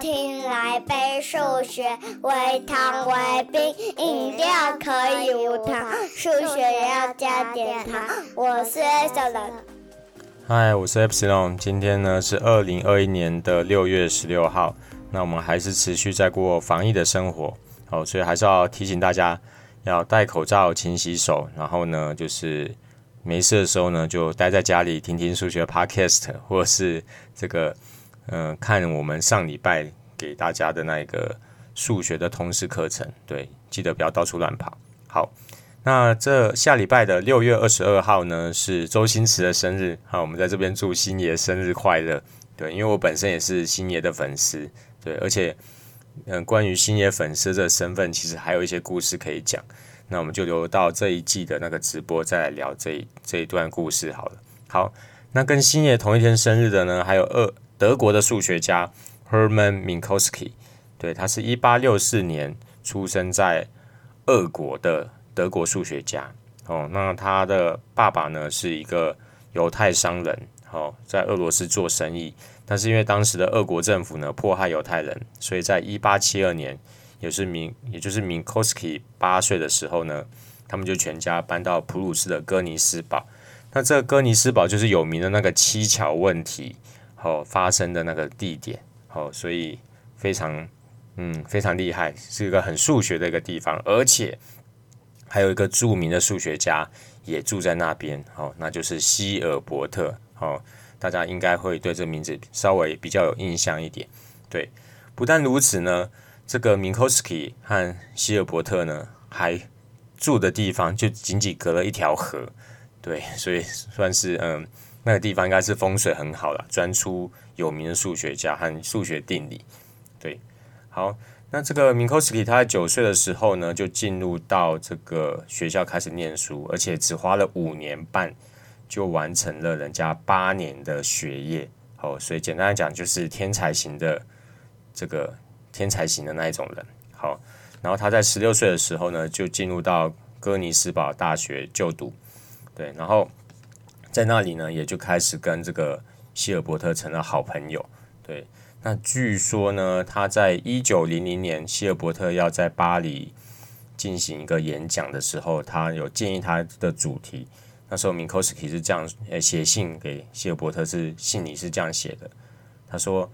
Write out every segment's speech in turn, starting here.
聽來杯數學，微糖微冰，飲料可以無糖，數學要加點糖。我是小藍。嗨，我是 Epsilon。今天呢是二零二一年的六月十六號。那我們還是持續在過防疫的生活。好，所以還是要提醒大家要戴口罩、勤洗手。然後呢，就是沒事的時候呢，就待在家裡，聽聽數學 Podcast，或者是這個。嗯、呃，看我們上禮拜給大家的那個數學的通識課程，對，記得不要到處亂跑。好，那這下禮拜的六月二十二號呢，是周星馳的生日。好，我們在這邊祝星爺生日快樂。對，因為我本身也是星爺的粉絲。對，而且嗯、呃，關於星爺粉絲的身份，其實還有一些故事可以講。那我們就留到這一季的那個直播再來聊這一這一段故事好了。好，那跟星爺同一天生日的呢，還有二。德國的數學家 Hermann Minkowski，對，他是一八六四年出生在俄國的德國數學家。哦，那他的爸爸呢是一個猶太商人，哦，在俄羅斯做生意。但是因為當時的俄國政府呢迫害猶太人，所以在一八七二年，也是民也就是 Minkowski 八歲的時候呢，他們就全家搬到普魯士的哥尼斯堡。那這個哥尼斯堡就是有名的那個七橋問題。哦，發生的那個地點，哦，所以非常，嗯，非常厲害，是一個很數學的一個地方，而且還有一個著名的數學家也住在那邊，哦，那就是希爾伯特，哦，大家應該會對這個名字稍微比較有印象一點，對，不但如此呢，這個閔考斯基和希爾伯特呢還住的地方就僅僅隔了一條河，對，所以算是嗯。那個地方應該是風水很好了，專出有名的數學家和數學定理。對，好，那這個閔考斯基他在九歲的時候呢，就進入到這個學校開始念書，而且只花了五年半就完成了人家八年的學業。好，所以簡單來講就是天才型的這個天才型的那一種人。好，然後他在十六歲的時候呢，就進入到哥尼斯堡大學就讀。對，然後。在那裡呢，也就開始跟這個希爾伯特成了好朋友。對，那據說呢，他在一九零零年希爾伯特要在巴黎進行一個演講的時候，他有建議他的主題。那時候閔考斯基是這樣，欸、寫信給希爾伯特是信裡是這樣寫的：他說，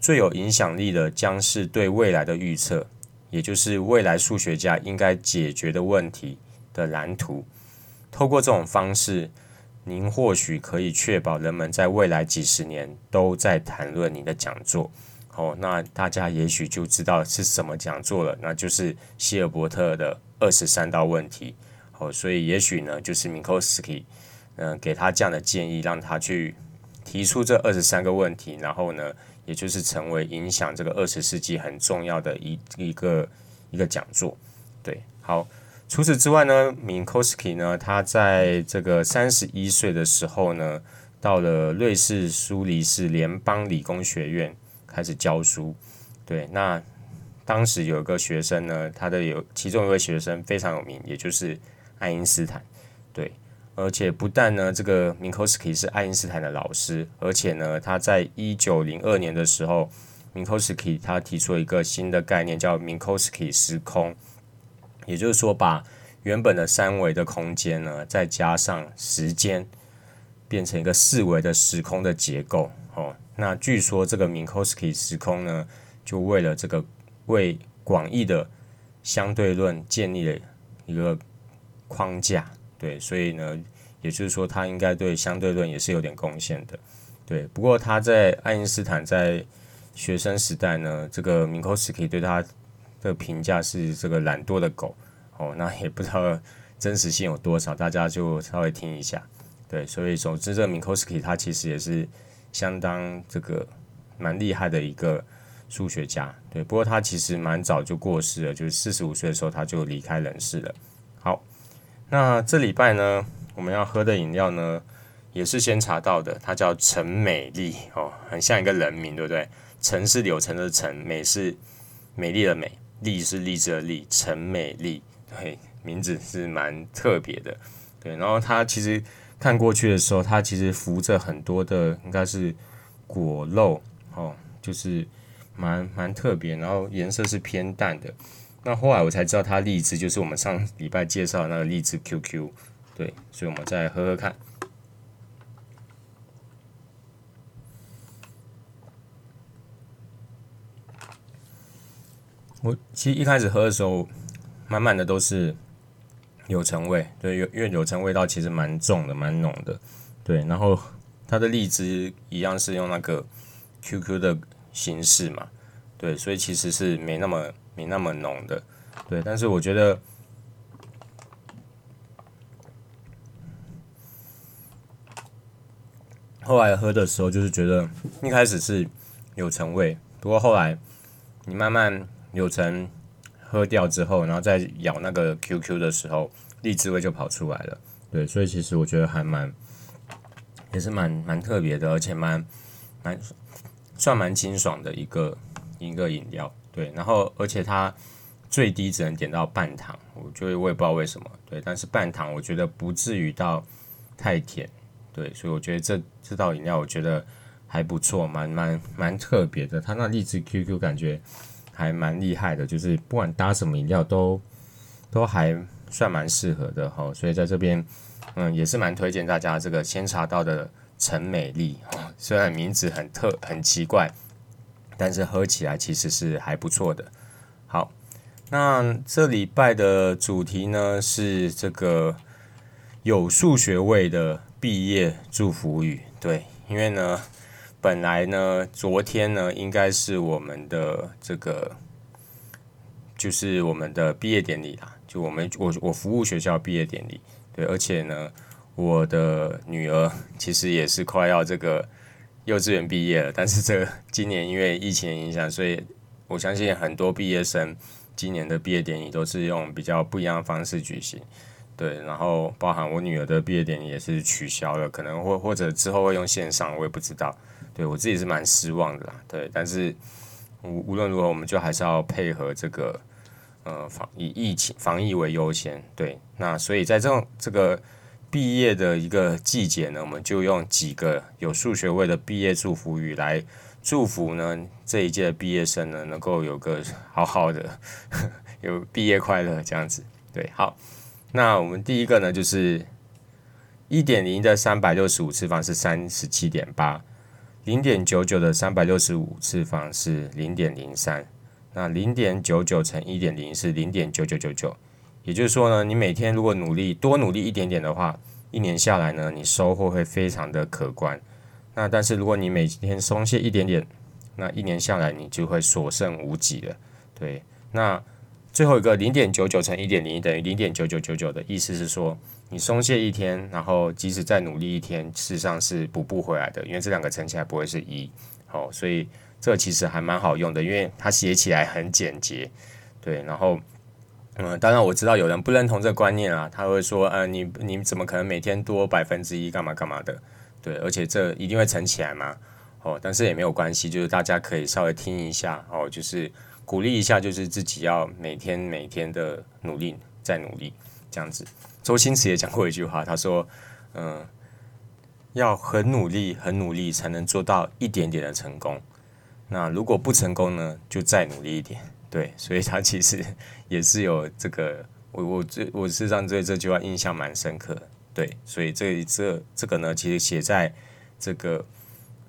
最有影響力的將是對未來的預測，也就是未來數學家應該解決的問題的藍圖。透過這種方式。您或許可以確保人們在未來幾十年都在談論你的講座，哦，那大家也許就知道是什麼講座了，那就是希爾伯特的二十三道問題，哦，所以也許呢，就是 Minkowski 嗯，給他這樣的建議，讓他去提出這二十三個問題，然後呢，也就是成為影響這個二十世紀很重要的一個一個一個講座，對，好。除此之外呢，閔考斯基呢，他在這個三十一歲的時候呢，到了瑞士蘇黎世聯邦理工學院開始教書。對，那當時有一個學生呢，他的有其中一位學生非常有名，也就是愛因斯坦。對，而且不但呢，這個閔考斯基是愛因斯坦的老師，而且呢，他在一九零二年的時候，閔考斯基他提出了一個新的概念，叫閔考斯基時空。也就是說，把原本的三維的空間呢，再加上時間，變成一個四維的時空的結構。哦，那據說這個閔考斯基時空呢，就為了這個為廣義的相對論建立了一個框架。對，所以呢，也就是說，他應該對相對論也是有點貢獻的。對，不過他在愛因斯坦在學生時代呢，這個閔考斯基對他，的、這個、評價是這個懶惰的狗哦，那也不知道真實性有多少，大家就稍微聽一下。對，所以總之，這個閔考斯基他其實也是相當這個蠻厲害的一個數學家。對，不過他其實蠻早就過世了，就是四十五歲的時候他就離開人世了。好，那這禮拜呢，我們要喝的飲料呢，也是鮮茶道的，它叫橙美荔哦，很像一個人名，對不對？橙是柳橙的、就是、橙，美是美麗的美。荔是荔枝的荔，橙美荔，對，名字是蠻特別的，對，然後它其實看過去的時候，它其實浮着很多的應該是果肉哦，就是蠻蠻特別，然後顏色是偏淡的，那後來我才知道它荔枝就是我們上禮拜介紹的那個荔枝 QQ，對，所以我們再喝喝看。我其實一開始喝的時候，滿滿的都是有橙味，對，因為有橙味道其實蠻重的，蠻濃的，對。然後它的荔枝一樣是用那個 QQ 的形式嘛，對，所以其實是沒那麼沒那麼濃的，對。但是我覺得後來喝的時候，就是覺得一開始是有橙味，不過後來你慢慢。柳橙喝掉之後，然後再咬那個 QQ 的時候，荔枝味就跑出來了。對，所以其實我覺得還蠻，也是蠻蠻特別的，而且蠻蠻算蠻清爽的一個一個飲料。對，然後而且它最低只能點到半糖，我就我也不知道為什麼。對，但是半糖我覺得不至於到太甜。對，所以我覺得這這道飲料我覺得還不錯，蠻蠻蠻特別的。它那荔枝 QQ 感覺。還蠻厲害的，就是不管搭什麼飲料都都還算蠻適合的哈，所以在這邊嗯，也是蠻推薦大家這個鮮茶道的橙美荔哈，雖然名字很特很奇怪，但是喝起來其實是還不錯的。好，那這禮拜的主題呢是這個有數學味的畢業祝福語，對，因為呢。本來呢，昨天呢，應該是我們的這個就是我們的畢業典禮啦，就我們我我服務學校畢業典禮，對，而且呢，我的女兒其實也是快要這個幼稚園畢業了，但是這個今年因為疫情影響，所以我相信很多畢業生今年的畢業典禮都是用比較不一樣的方式舉行。對，然後包含我女兒的畢業典禮也是取消了，可能或或者之後會用線上，我也不知道。對我自己是蠻失望的啦，對，但是無無論如何，我們就還是要配合這個，呃，防以疫情防疫為優先。對，那所以在這種這個畢業的一個季節呢，我們就用幾個有數學味的畢業祝福語來祝福呢這一屆的畢業生呢，能夠有個好好的呵呵有畢業快樂這樣子。對，好。那我們第一個呢，就是一點零的三百六十五次方是三十七點八，零點九九的三百六十五次方是零點零三。那零點九九乘一點零是零點九九九九，也就是說呢，你每天如果努力多努力一點點的話，一年下來呢，你收穫會非常的可觀。那但是如果你每天鬆懈一點點，那一年下來你就會所剩無幾了。對，那。最後一個零點九九乘一點零一等於零點九九九九的意思是說，你鬆懈一天，然後即使再努力一天，事實上是補不回來的，因為這兩個乘起來不會是一。好，所以這其實還蠻好用的，因為它寫起來很簡潔。對，然後嗯，當然我知道有人不認同這個觀念啊，他會說，呃，你你怎麼可能每天多百分之一幹嘛幹嘛的？對，而且這一定會乘起來嘛。哦，但是也沒有關係，就是大家可以稍微聽一下哦，就是。鼓勵一下，就是自己要每天每天的努力，再努力，這樣子。周星馳也講過一句話，他說：“嗯、呃，要很努力，很努力，才能做到一點點的成功。那如果不成功呢，就再努力一點。”對，所以他其實也是有這個我我這，我是讓對這句話印象蠻深刻。對，所以這這這個呢，其實寫在這個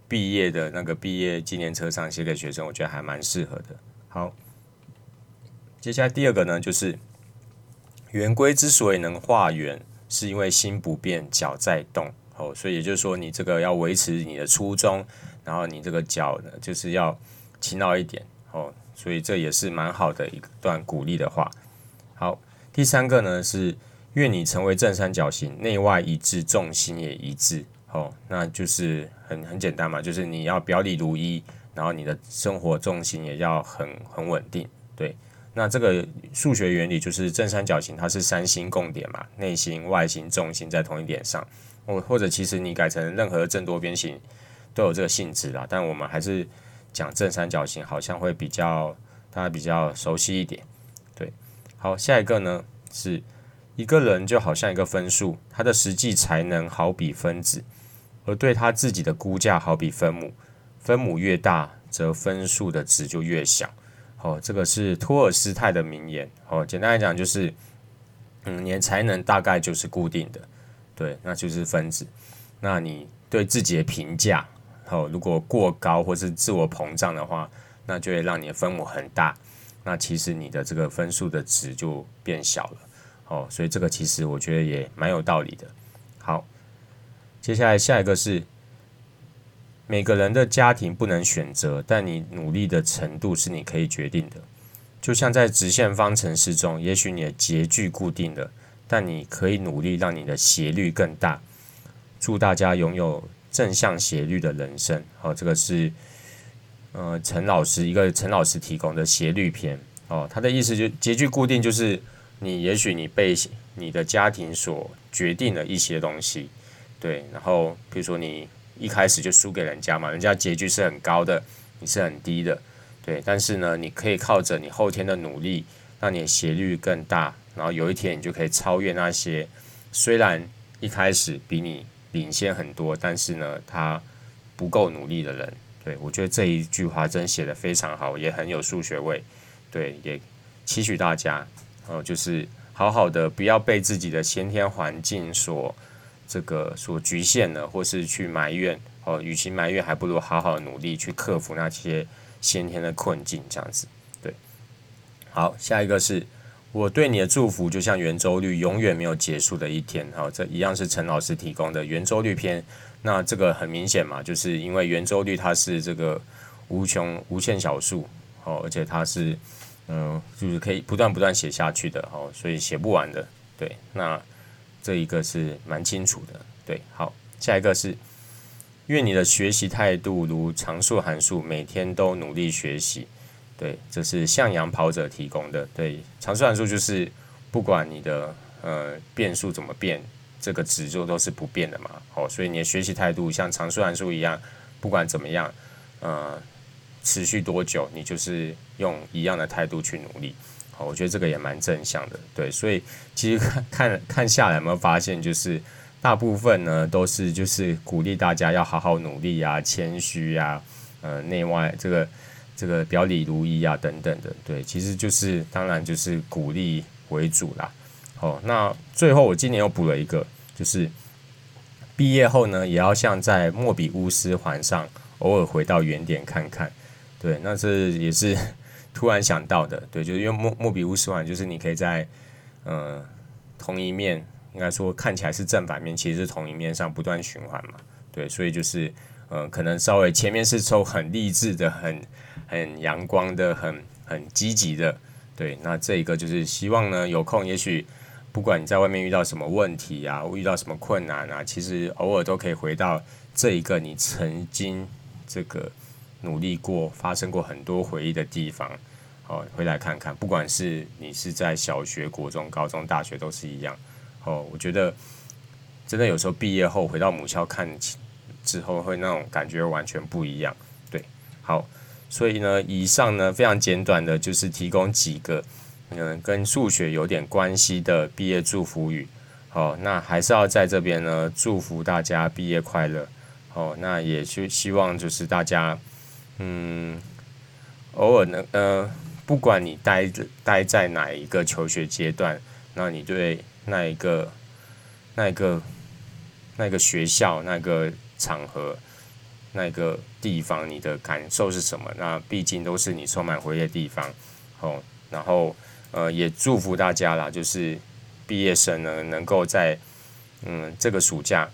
畢業的那個畢業紀念冊上，寫給學生，我覺得還蠻適合的。好，接下來第二個呢，就是圓規之所以能畫圓，是因為心不變，腳在動。哦，所以也就是說，你這個要維持你的初衷，然後你這個腳呢就是要勤勞一點。哦，所以這也是蠻好的一段鼓勵的話。好，第三個呢是願你成為正三角形，內外一致，重心也一致。哦，那就是很很簡單嘛，就是你要表裡如一。然後你的生活重心也要很很穩定，對。那這個數學原理就是正三角形，它是三心共點嘛，內心、外心、重心在同一點上。我或者其實你改成任何正多邊形都有這個性質啦，但我們還是講正三角形，好像會比較大家比較熟悉一點，對。好，下一個呢是一個人就好像一個分數，他的實際才能好比分子，而對他自己的估價好比分母。分母越大，則分數的值就越小。哦，這個是托爾斯泰的名言。哦，簡單來講就是，嗯，你的才能大概就是固定的，對，那就是分子。那你對自己的評價，哦，如果過高或是自我膨脹的話，那就會讓你的分母很大。那其實你的這個分數的值就變小了。哦，所以這個其實我覺得也蠻有道理的。好，接下來下一個是。每個人的家庭不能選擇，但你努力的程度是你可以決定的。就像在直線方程式中，也許你的截距固定了，但你可以努力讓你的斜率更大。祝大家擁有正向斜率的人生。好、哦，這個是呃陳老師一個陳老師提供的斜率篇。哦，他的意思就是截距固定，就是你也許你被你的家庭所決定了一些東西，對，然後比如說你。一開始就輸給人家嘛，人家截距是很高的，你是很低的，對。但是呢，你可以靠着你後天的努力，讓你斜率更大，然後有一天你就可以超越那些雖然一開始比你領先很多，但是呢，他不夠努力的人。對，我覺得這一句話真寫得非常好，也很有數學味。對，也期許大家，然、呃、後就是好好的，不要被自己的先天環境所。這個所局限了，或是去埋怨哦，與其埋怨，還不如好好努力去克服那些先天的困境，這樣子，對。好，下一個是我對你的祝福，就像圓周率永遠沒有結束的一天，哈、哦，這一樣是陳老師提供的圓周率篇。那這個很明顯嘛，就是因為圓周率它是這個無窮無限小數，哦，而且它是，嗯、呃，就是可以不斷不斷寫下去的，哦，所以寫不完的，對，那。這一個是蠻清楚的，對，好，下一個是願你的學習態度如常數函數，每天都努力學習，對，這是向陽跑者提供的，對，常數函數就是不管你的呃變數怎麼變，這個值就都是不變的嘛，好、哦，所以你的學習態度像常數函數一樣，不管怎麼樣，呃，持續多久，你就是用一樣的態度去努力。我覺得這個也蠻正向的，對，所以其實看看看下來有沒有發現，就是大部分呢都是就是鼓勵大家要好好努力啊，謙虛啊，呃，內外這個這個表裡如一啊等等的，對，其實就是當然就是鼓勵為主啦。好，那最後我今年又補了一個，就是畢業後呢也要像在莫比烏斯環上，偶爾回到原點看看，對，那這也是。突然想到的，對，就是因為莫莫比烏斯環，就是你可以在，呃，同一面，應該說看起來是正反面，其實是同一面上不斷循環嘛，對，所以就是，嗯、呃，可能稍微前面是抽很勵志的、很很陽光的、很很積極的，對，那這一個就是希望呢，有空也許不管你在外面遇到什麼問題啊，遇到什麼困難啊，其實偶爾都可以回到這一個你曾經這個。努力過、發生過很多回憶的地方，好、哦，回來看看。不管是你是在小學、國中、高中、大學都是一樣。哦，我覺得真的有時候畢業後回到母校看之後，會那種感覺完全不一樣。對，好，所以呢，以上呢，非常簡短的，就是提供幾個嗯跟數學有點關係的畢業祝福語。好、哦，那還是要在這邊呢祝福大家畢業快樂。好、哦，那也是希望就是大家。嗯，偶爾呢，呃，不管你待着待在哪一個求學階段，那你對那一個、那一個、那個學校、那個場合、那個地方，你的感受是什麼？那畢竟都是你充滿回憶的地方哦。然後，呃，也祝福大家啦，就是畢業生呢，能夠在嗯這個暑假，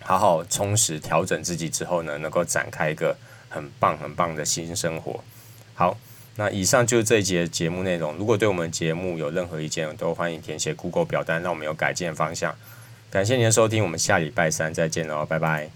好好充實、調整自己之後呢，能夠展開一個。很棒很棒的新生活，好，那以上就是這一節節目內容。如果對我們節目有任何意見，都歡迎填寫 Google 表單，讓我們有改進的方向。感謝您的收聽，我們下禮拜三再見嘍，拜拜。